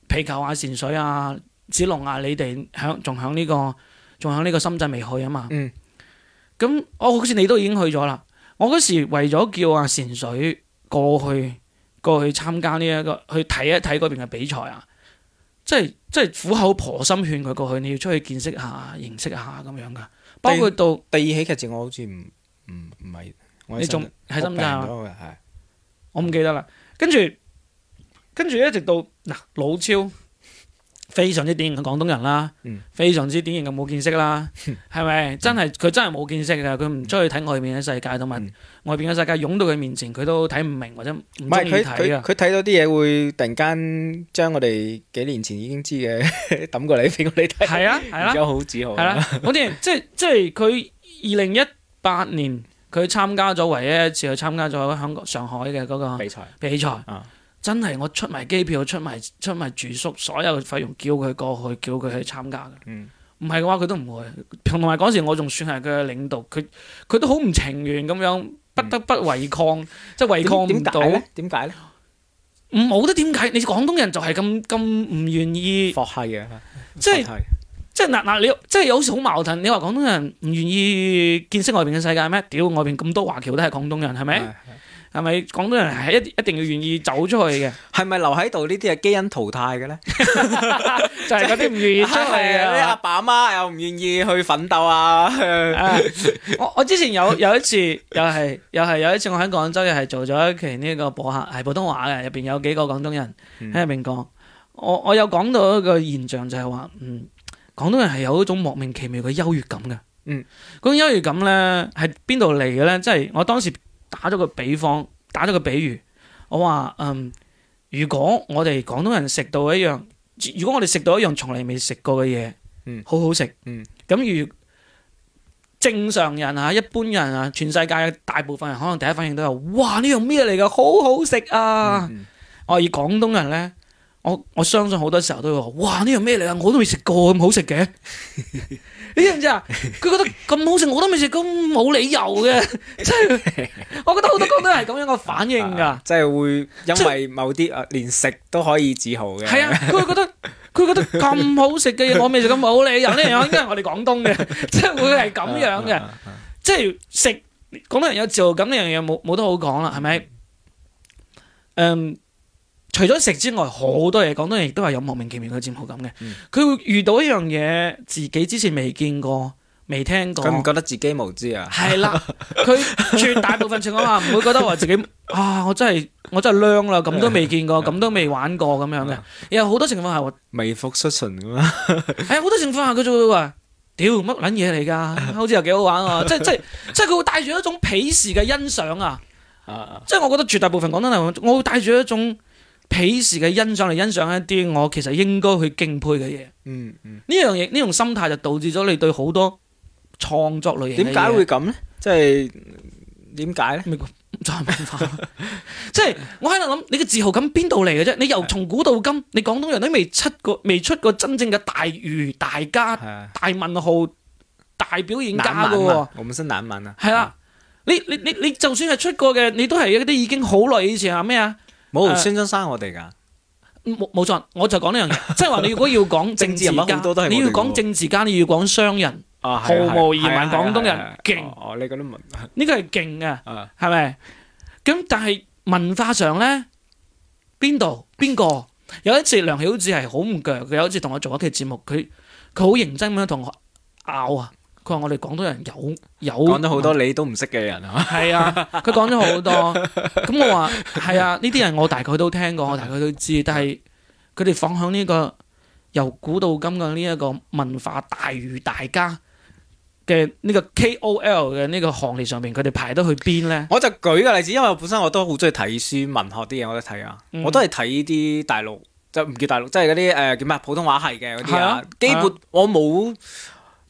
皮球啊、善水啊、子龍啊，你哋響仲響呢個仲響呢個深圳未去啊嘛。嗯，咁我好似你都已經去咗啦。我嗰時為咗叫阿善水過去。過去參加呢一個去睇一睇嗰邊嘅比賽啊，即係即係苦口婆心勸佢過去，你要出去見識下、認識下咁樣噶。包括到第二喜劇節，我好似唔唔唔係，我你仲喺深圳啊？我唔記得啦。跟住跟住一直到嗱，老超。非常之典型嘅廣東人啦，非常之典型嘅冇見識啦，係咪？真係佢真係冇見識嘅，佢唔出去睇外面嘅世界，同埋外面嘅世界湧到佢面前，佢都睇唔明或者唔中意睇噶。佢睇到啲嘢會突然間將我哋幾年前已經知嘅揼過嚟俾我哋睇，係啊係啦，好自豪係啦。啲即係即係佢二零一八年佢參加咗唯一一次去參加咗香港上海嘅嗰個比賽比賽啊。真係我出埋機票、出埋出埋住宿，所有費用叫佢過去，叫佢去參加嘅。嗯，唔係嘅話佢都唔會。同埋嗰時我仲算係佢嘅領導，佢佢都好唔情願咁樣，不得不違抗，嗯、即係違抗唔到。點解咧？唔冇得點解？你廣東人就係咁咁唔願意服下嘢，啊啊，即係即係嗱嗱你，即係有時好矛盾。你話廣東人唔願意見識外邊嘅世界咩？屌外邊咁多華僑都係廣東人，係咪？的係咪廣東人係一一定要願意走出去嘅？係咪留喺度呢啲係基因淘汰嘅咧？ 就係嗰啲唔願意出去嘅，啲阿、啊、爸阿媽又唔願意去奮鬥啊！我、 啊、我之前有有一次又係又係有一次我喺廣州又係做咗一期呢個播客，係普通話嘅，入邊有幾個廣東人喺入邊講，我我有講到一個現象就係話，嗯，廣東人係有嗰種莫名其妙嘅優越感嘅。嗯，嗰種優越感咧係邊度嚟嘅咧？即係、就是、我當時。打咗個比方，打咗個比喻，我話嗯、呃，如果我哋廣東人食到一樣，如果我哋食到一樣從嚟未食過嘅嘢，嗯，好好食，嗯，咁如正常人啊、一般人啊，全世界大部分人可能第一反應都係，哇！呢樣咩嚟㗎？好好食啊！嗯嗯、我以廣東人呢。我我相信好多時候都會話，哇，呢樣咩嚟啊？我都未食過咁好食嘅，你知唔知啊？佢覺得咁好食，我都未食咁冇理由嘅。即 係我覺得好多廣東人係咁樣個反應噶。即係、啊啊就是、會因為某啲誒、就是、連食都可以自豪嘅。係啊，佢會覺得佢覺得咁好食嘅嘢，我未食咁冇理由呢 樣、啊啊啊、樣，應該係我哋廣東嘅，即係會係咁樣嘅。即係食廣東人有自豪感，咁樣嘢冇冇得好講啦，係咪？嗯。除咗食之外，好多嘢廣東人亦都係有莫名其妙嘅自豪感嘅。佢、嗯、會遇到一樣嘢，自己之前未見過、未聽過。佢唔覺得自己無知啊？係啦，佢絕大部分情況下唔會覺得話自己 啊，我真係我真係靚啦，咁都未見過，咁 都未玩過咁樣嘅。有好多情況下微服失神㗎嘛。係好多情況下佢、 哎、就會話，屌乜撚嘢嚟㗎？好似又幾好玩啊！ 即即即佢會帶住一種鄙視嘅欣賞啊！ 即我覺得絕大部分廣東人，我會帶住一種，鄙視嘅欣賞嚟欣賞一啲我其實應該去敬佩嘅嘢、嗯，嗯嗯，呢樣嘢呢種心態就導致咗你對好多創作類型。點解會咁呢？即係點解咧？即、哎、係、 就是、我喺度諗，你嘅自豪感邊度嚟嘅啫？你由從古到今，你廣東人都未出過未出過真正嘅大儒、大家、大文豪、大表演家噶喎？我本身難民 啊？係啦，你你你你就算係出過嘅，你都係一啲已經好耐以前啊咩啊？冇，先生生我哋噶，冇冇錯，我就講呢樣嘢，即係話你如果要講政， 政治人物更多都係，政，政治家，你要講政治家，你要講商人，啊啊啊、毫無疑問廣、啊啊啊、東人勁。哦，你覺得文呢個係勁嘅，係咪？咁 但係文化上咧，邊度邊個？有一次梁曉智係好唔弱，佢有一次同我做一期節目，佢佢好認真咁樣同我拗啊。佢話我哋廣東人有有講咗好多你都唔識嘅人 啊，係 啊，佢講咗好多，咁我話係啊，呢啲人我大概都聽過，我大概都知，但係佢哋放響呢、這個由古到今嘅呢一個文化大魚大家嘅呢、這個 K O L 嘅呢個行列上面，佢哋排得去邊咧？ 我就舉個例子，因為我本身我都好中意睇書文學啲嘢，我都睇啊，我都係睇啲大陸就唔叫大陸，即係嗰啲誒叫咩普通話係嘅啲啊，啊基本、啊、我冇。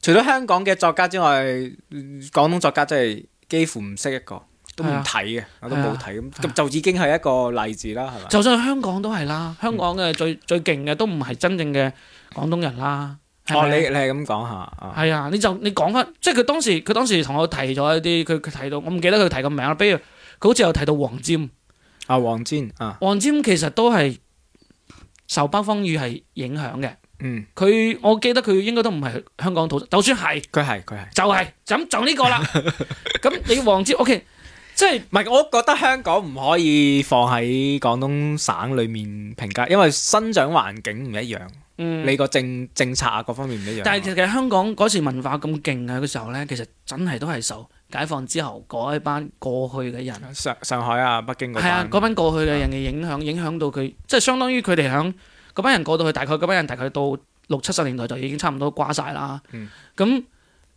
除咗香港嘅作家之外，廣東作家真係幾乎唔識一個，都唔睇嘅，啊、我都冇睇咁，咁、啊、就已經係一個例子啦。係嘛？就算香港都係啦，香港嘅最、嗯、最勁嘅都唔係真正嘅廣東人啦。哦，你你係咁講下，係啊，啊，你就你講翻，即係佢當時佢當時同我提咗一啲，佢佢提到我唔記得佢提個名啦，比如佢好似有提到黃霑，阿黃霑，阿黃霑其實都係受北方語係影響嘅。嗯，佢我記得佢應該都唔係香港土，就算係佢係佢係，就係咁就呢個啦。咁 你王之 OK，即係唔係？我覺得香港唔可以放喺廣東省裏面評價，因為生長環境唔一樣。嗯，你個政政策啊，各方面唔一樣。但係其實香港嗰時文化咁勁啊，嘅時候呢，其實真係都係受解放之後嗰一班過去嘅人，上上海啊、北京嗰班，係啊，嗰班過去嘅人嘅影響，嗯，影響到佢，即係相當於佢哋響。嗰班人過到去，大概嗰班人大概到六七十年代就已經差唔多瓜晒啦。咁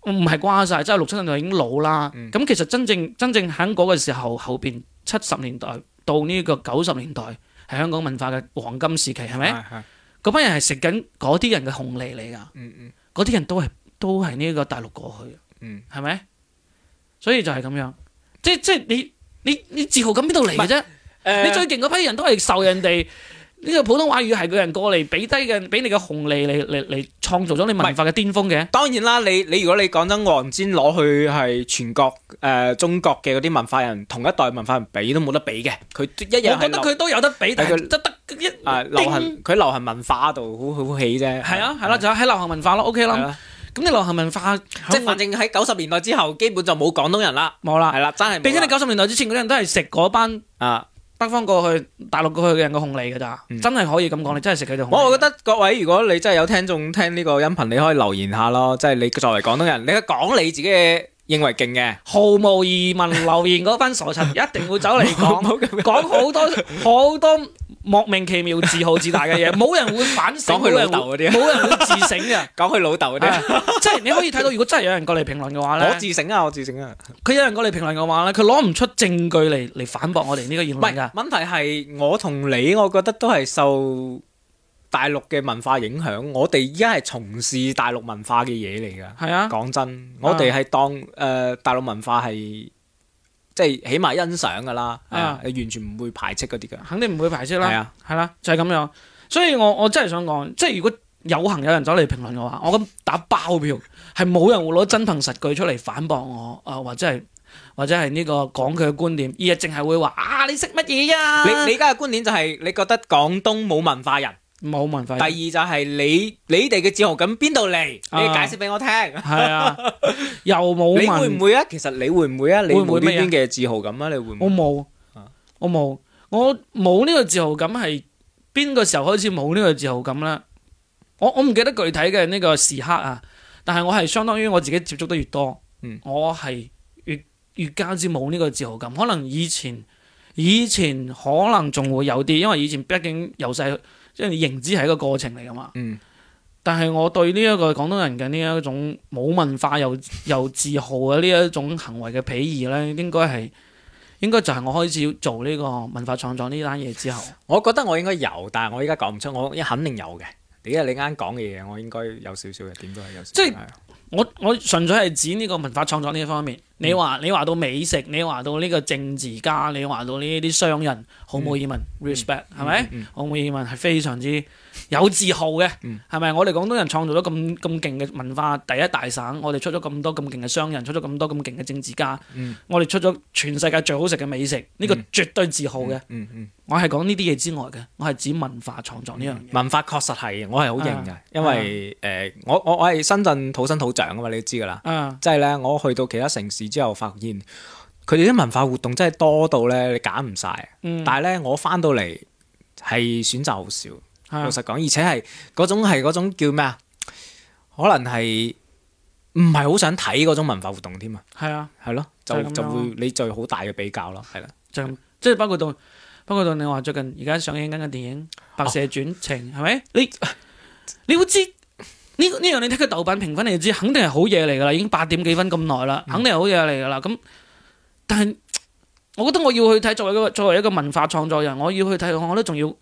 唔係瓜晒，即係六七十年代已經老啦。咁、嗯、其實真正真正喺嗰個時候後邊，七十年代到呢個九十年代係香港文化嘅黃金時期，係咪？嗰班、啊啊、人係食緊嗰啲人嘅紅利嚟㗎。嗰啲、嗯嗯、人都係都係呢個大陸過去，係咪？所以就係咁樣，即即係你你你，你自豪緊邊度嚟㗎啫？嗯呃、你最勁嗰批人都係受人哋。 呢個普通話語係個人過嚟俾低嘅，俾你嘅紅利嚟嚟嚟創造咗你文化嘅巔峰嘅。當然啦，你你如果你講真，黃霑攞去係全國誒、呃、中國嘅嗰啲文化人，同一代文化人比都冇得比嘅。佢一樣我覺得佢都有得比，但係得得一誒流行佢流行文化度好好起啫。係啊，係咯、啊，仲有喺流行文化咯，OK 啦。咁、啊、你流行文化即係、啊、反正喺九十年代之後，基本就冇廣東人啦，冇啦，係啦，真係。並且你九十年代之前嗰啲人都係食嗰班啊。啊北方過去，大陸過去嘅人嘅控你㗎咋。嗯、真係可以咁講，你真係食佢條。我覺得各位如果你真係有聽眾聽呢個音頻，你可以留言下咯，即係你作為廣東人，你講你自己嘅認為勁嘅， 毫無疑問留言嗰班傻柒 一定會走嚟講， 這樣 講好多好多。 莫名其妙自好自大嘅嘢，冇人會反省，佢老豆啲，冇人會自省嘅，講佢老豆嗰啲，即係你可以睇到，如果真係有人過嚟評論嘅話咧，我自省啊，我自省啊，佢有人過嚟評論嘅話咧，佢攞唔出證據嚟嚟反駁我哋呢個言論。唔係問題係我同你，我覺得都係受大陸嘅文化影響，我哋依家係從事大陸文化嘅嘢嚟噶。係啊的，講真，我哋係當誒的、呃、大陸文化係。即係起碼欣賞噶啦，係啊，你完全唔會排斥嗰啲嘅，肯定唔會排斥啦，係啊，係啦、啊，就係、是、咁樣，所以我我真係想講，即係如果有幸有人走嚟評論嘅話，我咁打包票，係冇人會攞真憑實據出嚟反駁我，啊、呃、或者係或者係呢個講佢嘅觀點，而係淨係會話啊你識乜嘢啊？你啊你而家嘅觀點就係你覺得廣東冇文化人。冇文化。第二就係你你哋嘅自豪感邊度嚟？你解釋俾我聽。係 啊，又冇。你會唔會啊？其實你會唔會啊？你會唔會邊嘅自豪感啊？你會唔會？我冇，我冇，我冇呢個自豪感係邊個時候開始冇呢個自豪感啦？我我唔記得具體嘅呢個時刻啊，但係我係相當於我自己接觸得越多，嗯、我係越越加之冇呢個自豪感。可能以前以前可能仲會有啲，因為以前畢竟由細。即係你認知係一個過程嚟㗎嘛，嗯、但係我對呢一個廣東人嘅呢一種冇文化又又自豪嘅呢一種行為嘅鄙夷呢，應該係應該就係我開始做呢個文化創作呢單嘢之後，我覺得我應該有，但係我依家講唔出，我肯定有嘅。因為你啱講嘅嘢，我應該有少少嘅，都點都係有少少。即係、就是、是我我純粹係指呢個文化創作呢一方面。你話你話到美食，你話到呢個政治家，你話到呢啲商人，毫無疑問，respect 係咪？毫無疑問係非常之有自豪嘅，係咪？我哋廣東人創造咗咁咁勁嘅文化，第一大省，我哋出咗咁多咁勁嘅商人，出咗咁多咁勁嘅政治家，我哋出咗全世界最好食嘅美食，呢個絕對自豪嘅。我係講呢啲嘢之外嘅，我係指文化創造呢樣嘢。文化確實係，我係好認嘅，因為誒，我我我係深圳土生土長啊嘛，你都知㗎啦，即係咧，我去到其他城市。之後發現佢哋啲文化活動真係多到咧，你揀唔晒。但係咧，我翻到嚟係選擇好少。嗯、老實講，而且係嗰種係嗰種叫咩啊？可能係唔係好想睇嗰種文化活動添、嗯、啊？係啊，係咯，就就會你最好大嘅比較咯，係啦、啊，就即係包括到包括到你話最近而家上映緊嘅電影《白蛇傳情》，係咪、哦？ 你你會知？呢呢樣你睇佢豆瓣評分，你就知，肯定係好嘢嚟噶啦，已經八點幾分咁耐啦，肯定係好嘢嚟噶啦。咁但係我覺得我要去睇，作為一個作為一個文化創作人，我要去睇，我都仲要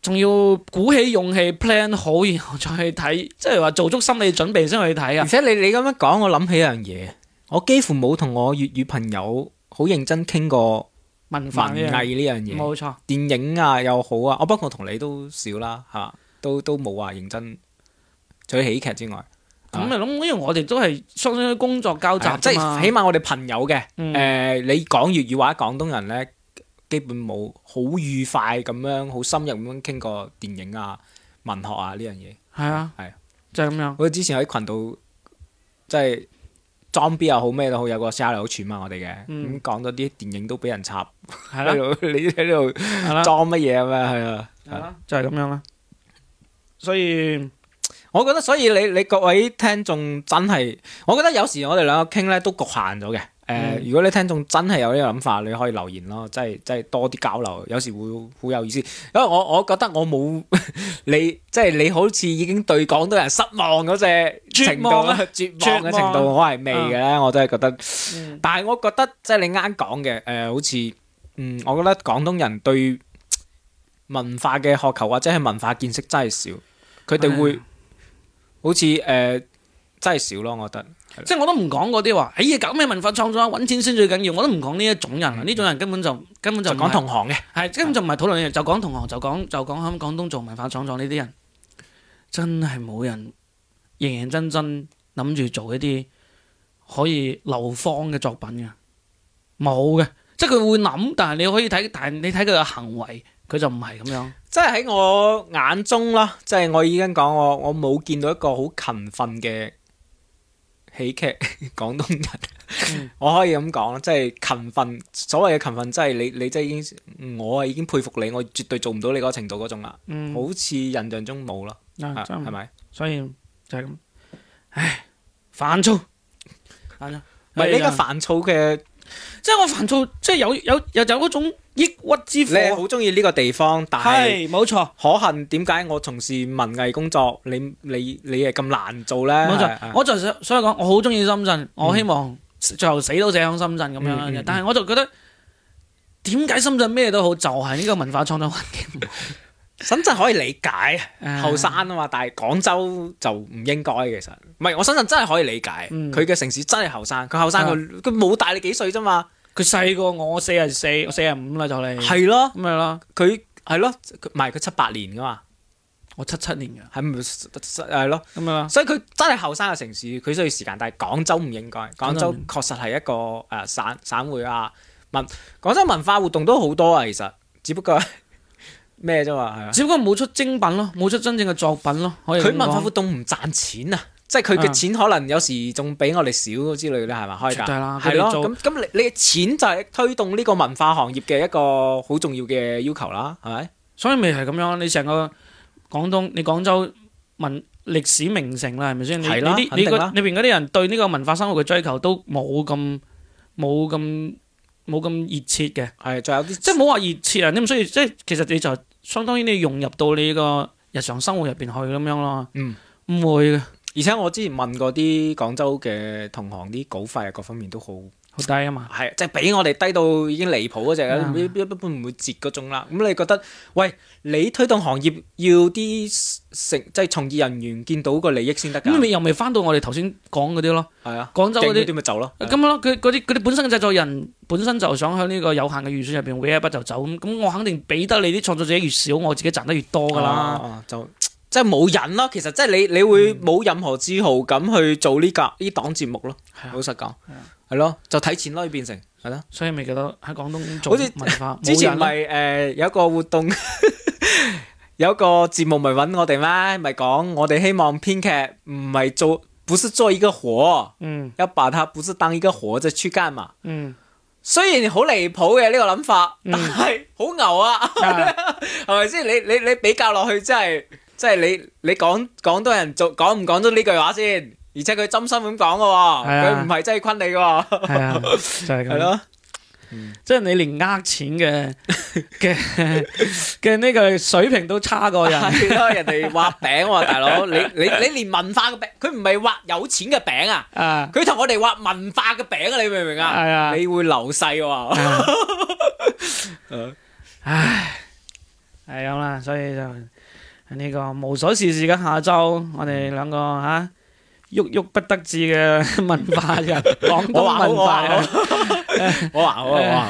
仲要鼓起勇氣 plan 好，然後再去睇，即係話做足心理準備先去睇啊。而且你你咁樣講，我諗起一樣嘢，我幾乎冇同我粵語朋友好認真傾過文、文化、文藝呢樣嘢。冇錯，電影啊又錯好啊，我包括同你都少啦吓，都都冇話認真。除咗喜劇之外，咁咪諗，因為我哋都係相當工作交集，即係起碼我哋朋友嘅。誒，你講粵語話廣東人咧，基本冇好愉快咁樣，好深入咁樣傾過電影啊、文學啊呢樣嘢。係啊，係，就係咁樣。我之前喺群度，即係裝逼又好咩都好，有個 sell 嚟好串嘛我哋嘅，咁講咗啲電影都俾人插，係啦，你喺度裝乜嘢啊嘛，係啊，就係咁樣啦。所以。我覺得所以你你各位聽眾真係，我覺得有時我哋兩個傾咧都局限咗嘅。誒、呃，嗯、如果你聽眾真係有呢個諗法，你可以留言咯，即係即係多啲交流，有時會好有意思。因為我我覺得我冇 你，即係你好似已經對廣東人失望嗰隻程度啦，絕望嘅、啊、程度我係未嘅咧，嗯、我都係覺得。嗯、但係我覺得即係你啱講嘅，誒、呃，好似，嗯，我覺得廣東人對文化嘅渴求或者係文化見識真係少，佢哋會、嗯。好似誒、呃，真係少咯，我覺得。即係我都唔講嗰啲話，哎、欸、呀，搞咩文化創作啊，搵錢先最緊要。我都唔講呢一種人，呢、嗯、種人根本就根本就講同行嘅，係根本就唔係討論嘅，就講同行，就講就講喺廣東做文化創作呢啲人，真係冇人認認真真諗住做一啲可以流芳嘅作品嘅，冇嘅。即係佢會諗，但係你可以睇，但你睇佢嘅行為，佢就唔係咁樣。 即係喺我眼中啦，即係我已經講我我冇見到一個好勤奮嘅喜劇廣東人，我可以咁講啦，即係勤奮，所謂嘅勤奮，即係你你即係已經，我啊已經佩服你，我絕對做唔到你嗰個程度嗰種啦，嗯、好似印象中冇咯，係咪、嗯？所以就係咁，唉，煩躁，唔係你而家煩躁嘅，即係我煩躁，即係有有有,有,有,有,有,有有有嗰種。抑鬱之苦，你好中意呢個地方，但係冇錯，可恨點解我從事文藝工作，你你你係咁難做咧？冇錯，我就想所以講，我好中意深圳，我希望最後死都死響深圳咁樣嘅。但係我就覺得，點解深圳咩都好，就係呢個文化創造環境，深圳可以理解後生啊嘛。但係廣州就唔應該其實，唔係，我深圳真係可以理解佢嘅城市真係後生，佢後生佢佢冇大你幾歲咋嘛。佢細過我，四十四，我四十五啦就嚟。係咯，咁咪啦。佢係咯，唔係佢七八年噶嘛。我七七年嘅，係咪？係咯，咁咪啦。所以佢真係後生嘅城市，佢需要時間。但係廣州唔應該，廣州確實係一個誒、啊、省省會啊，文廣州文化活動都好多啊，其實只不過咩啫嘛，係嘛？只不過冇 出精品咯，冇出真正嘅作品咯。佢文化活動唔賺錢啊。即係佢嘅錢可能有時仲比我哋少之類咧，係咪？開價？係咯，咁咁啦你你嘅錢就係推動呢個文化行業嘅一個好重要嘅要求啦，係咪？所以咪係咁樣，你成個廣東，你廣州文歷史名城啦，係咪先？係啦，肯定啦。裏邊嗰啲人對呢個文化生活嘅追求都冇咁冇咁冇咁熱切嘅。係，仲有啲即係冇話熱切啊！你唔需要，即係其實你就相當於你融入到你個日常生活入邊去咁樣咯。嗯，唔會。而且我之前問過啲廣州嘅同行、啊，啲稿費啊各方面都好好低啊嘛，係即係俾我哋低到已經離譜嗰隻啦，一一般唔會接嗰種啦。咁、嗯、你覺得，喂，你推動行業要啲成即係從業人員見到個利益先得㗎。咁你又咪翻到我哋頭先講嗰啲咯，係啊，廣州嗰啲咪走咯。咁、啊、咯，佢嗰啲啲本身嘅製作人本身就想喺呢個有限嘅預算入邊揈一筆就走咁，咁我肯定俾得你啲創作者越少，我自己賺得越多㗎啦、啊。就、啊就即係冇人咯、啊，其實即係你你會冇任何自豪感去做呢架呢檔節目咯、啊。係、嗯、老實講，係、嗯、咯，就睇錢咯，變成係咯，所以咪覺得喺廣東做文化。好像之前咪誒、呃、有一個活動， 有一個節目咪搵我哋咩？咪講我哋希望編劇唔係做，不是做一個活，嗯，要把它不是當一個活、就是、出街嘛？嗯，雖然好離譜嘅呢個諗法，但係好牛啊，係咪先？你你你比較落去真係。即係你你講廣東人做講唔講咗呢句話先？而且佢、啊、真心咁講嘅，佢唔係真係坤你嘅。係啊，就係、是、咁。係咯、啊，即係你連呃錢嘅嘅嘅呢個水平都差過人。係咯， 人哋畫餅，大佬你你你連文化嘅餅，佢唔係畫有錢嘅餅啊。佢同、啊、我哋畫文化嘅餅啊，你明唔明啊？係啊！你會流逝嘅。 唉，係咁啦，所以就。呢、這個無所事事嘅下周，我哋兩個吓鬱郁不得志嘅文化人，港島文化我，我話好話我話，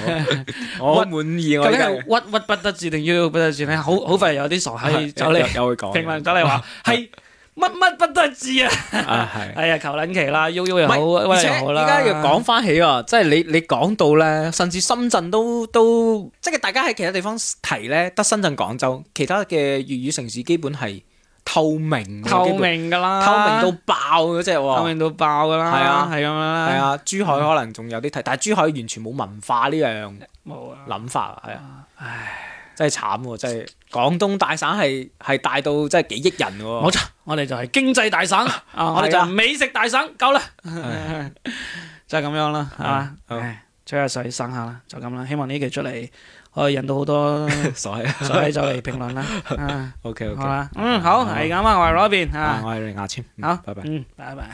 我唔滿意，究竟係屈屈不得志定鬱郁不得志咧？好好快有啲傻閪走嚟，有會講評論走嚟話係。乜乜不都係知啊？啊係，係啊，哎、求撚期啦，悠悠又好，威且又好啦。而家要講翻起啊，即係你你講到咧，甚至深圳都都，即係大家喺其他地方提咧，得深圳、廣州，其他嘅粵語城市基本係透明，透明㗎啦，透明到爆嗰隻喎，透明到爆㗎啦，係啊係咁啦，係啊，珠海可能仲有啲提，但係珠海完全冇文化呢樣諗法啊，係啊，唉。真係慘喎！真係廣東大省係係大到真係幾億人嘅喎，冇錯，我哋就係經濟大省，我哋就係美食大省，夠啦，真係咁樣啦，係嘛，吹下水，省下啦，就咁啦，希望呢期出嚟可以引到好多在在座嚟評論啦。OK OK，嗯好，係咁啊，我係洛賓吓，我係牙籤，好，拜拜，嗯，拜拜。